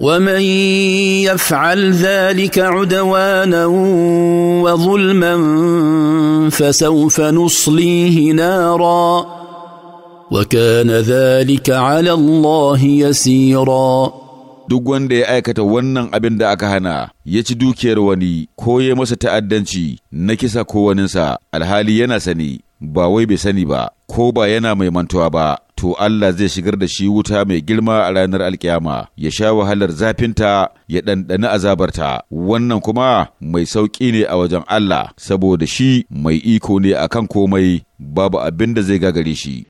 ومن يفعل ذلك عدوانا وظلما فسوف نصليه نارا وكان ذلك على الله يسيرا duk wanda ya aikata wannan abin da aka hana ya ci dukiyar wani ko ya masa ta'addanci na kisa ko waninsa alhali yana sani ba wai bai sani ba ko ba yana mai mantuwa ba to Allah zai shigar da shi wuta mai girma a ranar alkiyama ya sha wahalar zafinta ya ɗanɗani azabarta wannan kuma mai sauƙi ne a wajen Allah saboda shi mai iko ne akan komai babu abin da zai gagare shi